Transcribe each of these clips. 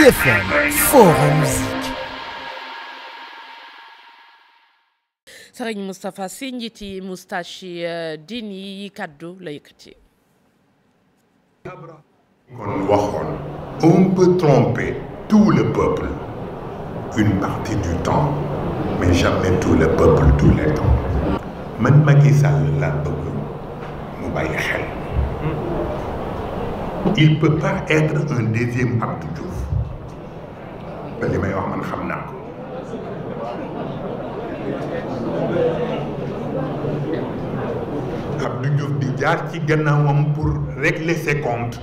IFM Forum Musique sëriñ Moustapha Sy euh, yi kàddu la yëkkati kon waxoon on peut tromper tout le peuple une partie du temps mais jamais tout le peuple tout le temps man Macky Sall laa bëgg mu bàyyi xel il peut pas être un deuxième Abdou Diouf te li may wax man xam naa ko Abdou Diouf di jaar ci gannaawam pour rek ses comptes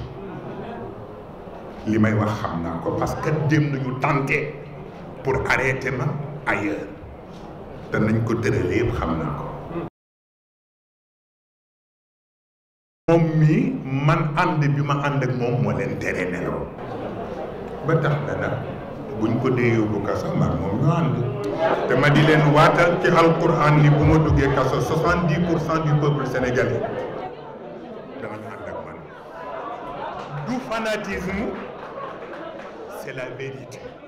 li may wax xam naa ko parce que dem nañu tenté pour arrêter ma ailleurs te nañ ko tëralee yëpp xam naa ko. moom mii man ànd bi ma ànd ak moom moo leen tere nelaw ba tax na buñ ko dee yóbbu kaso mag moom ñu di leen waatal ci alquran ni bu ma duggee kaso soixante dix pour cent du peuple sénégalais du fanatisme c'est